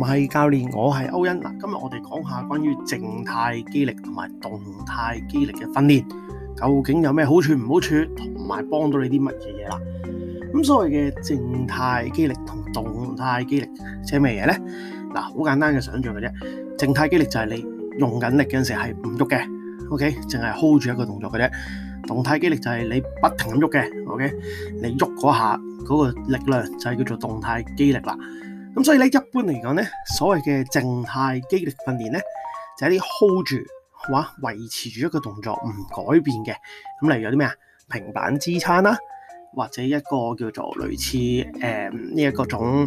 唔係教練，我係歐恩嗱。今日我哋講下關於靜態肌力同埋動態肌力嘅訓練，究竟有咩好處唔好處，同埋幫到你啲乜嘢嘢啦？咁所謂嘅靜態肌力同動態肌力即係咩嘢咧？嗱，好簡單嘅想象嘅啫。靜態肌力就係你用緊力嘅時候係唔喐嘅，OK，淨係 hold 住一個動作嘅啫。動態肌力就係你不停咁喐嘅，OK，你喐嗰下嗰個力量就係叫做動態肌力啦。咁所以咧，一般嚟講呢，所謂嘅靜態肌力訓練呢，就係啲 hold 住，哇，維持住一個動作唔改變嘅。咁例如有啲咩啊，平板支撐啦。或者一個叫做類似誒呢、嗯、一個種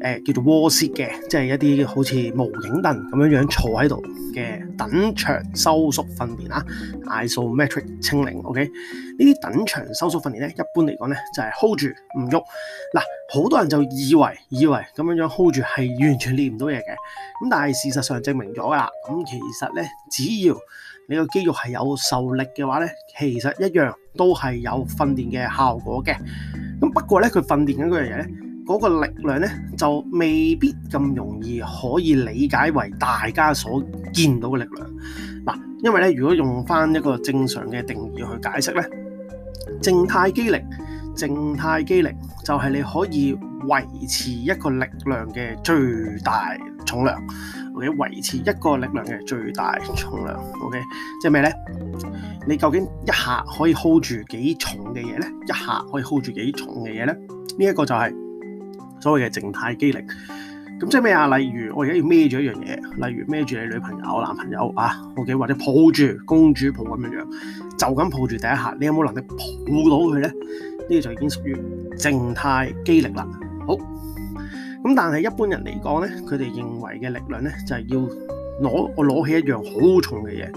誒、呃、叫做 wall sit 嘅，即係一啲好似無影凳咁樣樣坐喺度嘅等長收縮訓練啊，isometric 清零，OK？呢啲等長收縮訓練咧，一般嚟講咧就係 hold 住唔喐。嗱，好多人就以為以為咁樣樣 hold 住係完全練唔到嘢嘅，咁但係事實上證明咗㗎啦。咁其實咧，只要你個肌肉係有受力嘅話呢，其實一樣都係有訓練嘅效果嘅。咁不過呢，佢訓練緊嗰樣嘢呢，嗰個力量呢，就未必咁容易可以理解為大家所見到嘅力量。嗱，因為呢，如果用翻一個正常嘅定義去解釋呢，靜態肌力，靜態肌力就係你可以維持一個力量嘅最大重量。嘅維持一個力量嘅最大重量，OK，即係咩咧？你究竟一下可以 hold 住幾重嘅嘢咧？一下可以 hold 住幾重嘅嘢咧？呢、這、一個就係所謂嘅靜態肌力。咁即係咩啊？例如我而家要孭住一樣嘢，例如孭住你女朋友、男朋友啊，OK，或者抱住公主抱咁樣樣，就咁抱住第一下，你有冇能力抱到佢咧？呢、這個就已經屬於靜態肌力啦。好。咁但係一般人嚟講咧，佢哋認為嘅力量咧，就係要攞我攞起一樣好重嘅嘢，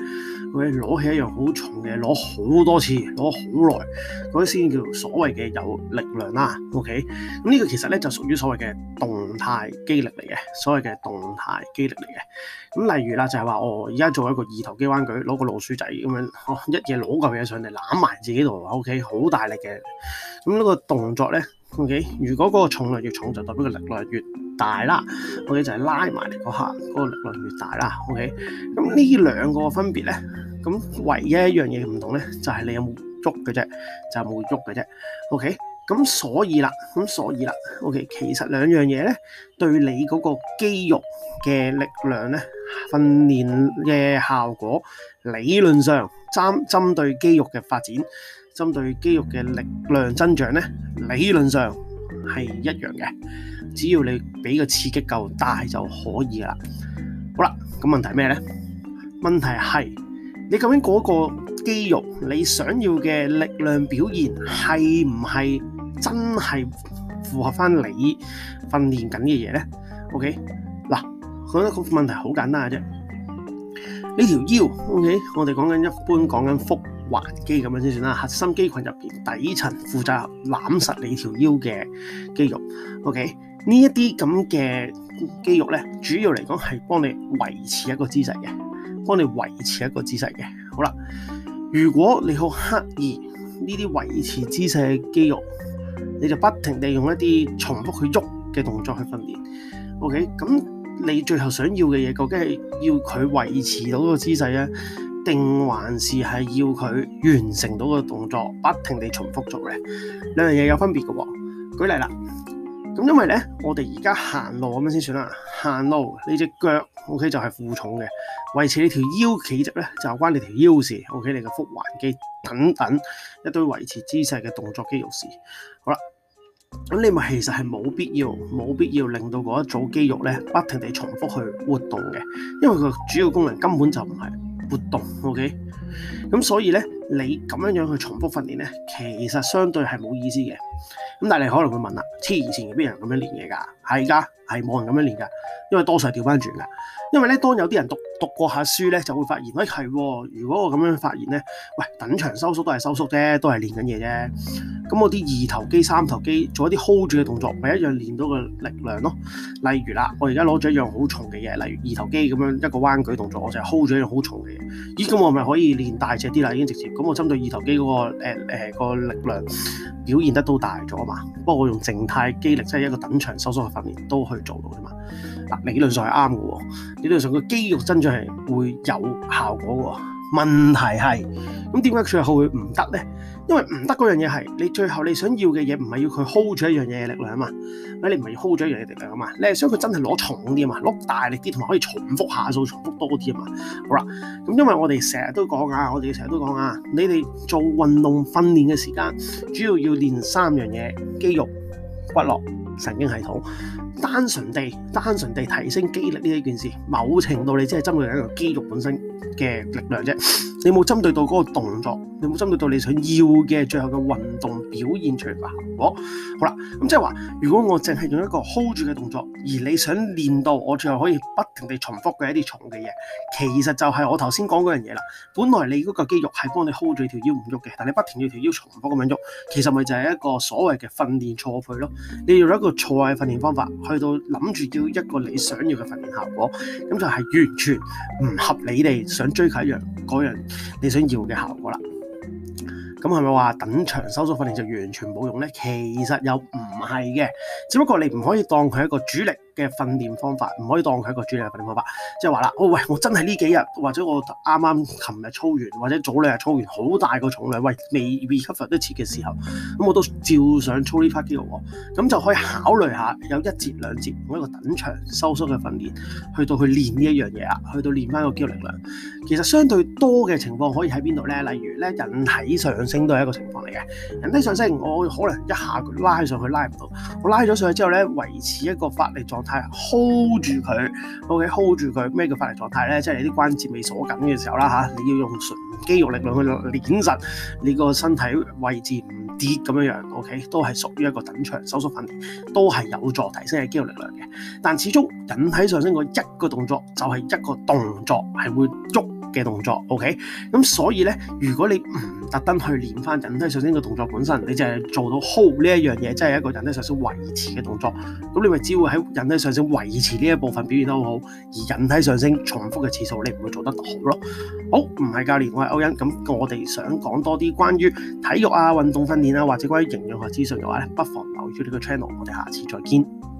佢攞起一樣好重嘅，攞好多次，攞好耐，嗰啲先叫所謂嘅有力量啦。O K，咁呢個其實咧就屬於所謂嘅動態肌力嚟嘅，所謂嘅動態肌力嚟嘅。咁例如啦，就係話我而家做一個二頭肌彎舉，攞個老鼠仔咁樣，哦、一嘢攞嚿嘢上嚟攬埋自己度，O K，好大力嘅。咁呢個動作呢。O.K. 如果嗰個重量越重，就代表個力量越大啦。O.K. 就係拉埋嚟嗰下，嗰個力量越大啦。O.K. 咁呢兩個分別咧，咁唯一一樣嘢唔同咧，就係你有冇喐嘅啫，就冇喐嘅啫。O.K. 咁所以啦，咁所以啦。O.K. 其實兩樣嘢咧，對你嗰個肌肉嘅力量咧，訓練嘅效果理論上針針對肌肉嘅發展，針對肌肉嘅力量增長呢，理論上係一樣嘅，只要你俾個刺激夠大就可以啦。好啦，咁問題咩呢？問題係你究竟嗰個肌肉你想要嘅力量表現係唔係真係符合返你訓練緊嘅嘢呢？OK，嗱，覺得個問題好簡單嘅啫。呢條腰，OK，我哋講緊一般講緊腹橫肌咁樣先算啦，核心肌群入邊底層負責攬實你條腰嘅肌肉。OK，呢一啲咁嘅肌肉咧，主要嚟講係幫你維持一個姿勢嘅，幫你維持一個姿勢嘅。好啦，如果你好刻意呢啲維持姿勢嘅肌肉，你就不停地用一啲重複去喐嘅動作去訓練。OK，咁你最後想要嘅嘢，究竟係要佢維持到個姿勢咧？定還是係要佢完成到個動作，不停地重複做呢？兩樣嘢有分別嘅，哦。舉例啦，咁因為呢，我哋而家行路咁樣先算啦，行路你隻腳，O.K. 就係負重嘅，維持你條腰企直呢，就關你條腰事，O.K. 你個腹橫肌等等一堆維持姿勢嘅動作肌肉事。好啦，咁你咪其實係冇必要，冇必要令到嗰一組肌肉呢不停地重複去活動嘅，因為佢個主要功能根本就唔係。活動，OK，咁所以咧，你咁樣樣去重複訓練咧，其實相對係冇意思嘅。咁但係你可能會問啦，黐線嘅，以前有邊個咁樣練嘅㗎？係噶係冇人咁樣練噶因為多數係調翻轉噶因為咧，當有啲人讀讀過下書咧，就會發現，喂、哎、係，如果我咁樣發現咧，喂，等長收縮都係收縮啫，都係練緊嘢啫。咁我啲二頭肌、三頭肌做一啲 hold 住嘅動作，咪一樣練到個力量咯。例如啦，我而家攞咗一樣好重嘅嘢，例如二頭肌咁樣一個彎舉動作，我就係 hold 咗一樣好重嘅嘢。咦，咁我咪可以練大隻啲啦，已經直接。咁我針對二頭肌嗰、嗰個誒誒個力量表現得都大咗啊嘛。不過我用靜態肌力，即係一個等長收縮。訓練都可以做到啫嘛，嗱，理論上係啱嘅喎，理論上個肌肉增長係會有效果嘅喎、哦。問題係，咁點解最後佢會唔得咧？因為唔得嗰樣嘢係你最後你想要嘅嘢，唔係要佢 hold 住一樣嘢嘅力量啊嘛，你唔係要 hold 住一樣嘢力量啊嘛，你係想佢真係攞重啲啊嘛，攞大力啲同埋可以重複下數、重複多啲啊嘛。好啦，咁因為我哋成日都講啊，我哋成日都講啊，你哋做運動訓練嘅時間，主要要練三樣嘢：肌肉、骨骼。神經系統，單純地、單純地提升肌力呢件事，某程度你只係針對一個肌肉本身嘅力量啫。你冇針對到嗰個動作，你冇針對到你想要嘅最後嘅運動表現出嚟嘅效果。好啦，咁、嗯、即係話，如果我淨係用一個 hold 住、e、嘅動作，而你想練到我最後可以不停地重複嘅一啲重嘅嘢，其實就係我頭先講嗰樣嘢啦。本來你嗰個肌肉係幫你 hold 住、e、條腰唔喐嘅，但你不停要條腰重複咁樣喐，其實咪就係一個所謂嘅訓練錯配咯。你用一個錯嘅訓練方法去到諗住要一個你想要嘅訓練效果，咁就係完全唔合你哋想追求一樣嗰樣。你想要嘅效果啦，咁係咪話等長收縮訓練就完全冇用呢？其實又唔係嘅，只不過你唔可以當佢係一個主力。嘅訓練方法唔可以當佢一個主力訓練方法，即係話啦，哦，喂，我真係呢幾日或者我啱啱琴日操完或者早兩日操完好大個重量，喂未未 cover 得切嘅時候，咁我都照上操呢 part 肌肉，哦，咁就可以考慮下有一節兩節同一個等長收縮嘅訓練，去到去練呢一樣嘢啊，去到練翻個肌肉力量。其實相對多嘅情況可以喺邊度咧？例如咧，引體上升都係一個情況嚟嘅，引體上升我可能一下拉上去拉唔到，我拉咗上去之後咧，維持一個發力狀態。係，hold 住佢，OK，hold、okay，住佢。咩叫發力狀態咧？即係你啲關節未鎖緊嘅時候啦，嚇、啊，你要用純，肌肉力量去練實，你個身體位置唔跌咁樣樣，OK，都係屬於一個等長收縮訓練，都係有助提升嘅肌肉力量嘅。但始終引體上升個一個動作就係一個動作係會喐嘅動作，OK。咁所以呢，如果你唔特登去練翻引體上升嘅動作本身，你就係做到 hold 呢一樣嘢，即係一個引體上升維持嘅動作。咁你咪只會喺引體上升維持呢一部分表現得好，而引體上升重複嘅次數你唔會做得好咯。好，唔係教練，我係歐欣，咁我哋想講多啲關於體育啊、運動訓練啊，或者關於營養學資訊嘅話咧，不妨留意住呢個 channel，我哋下次再見。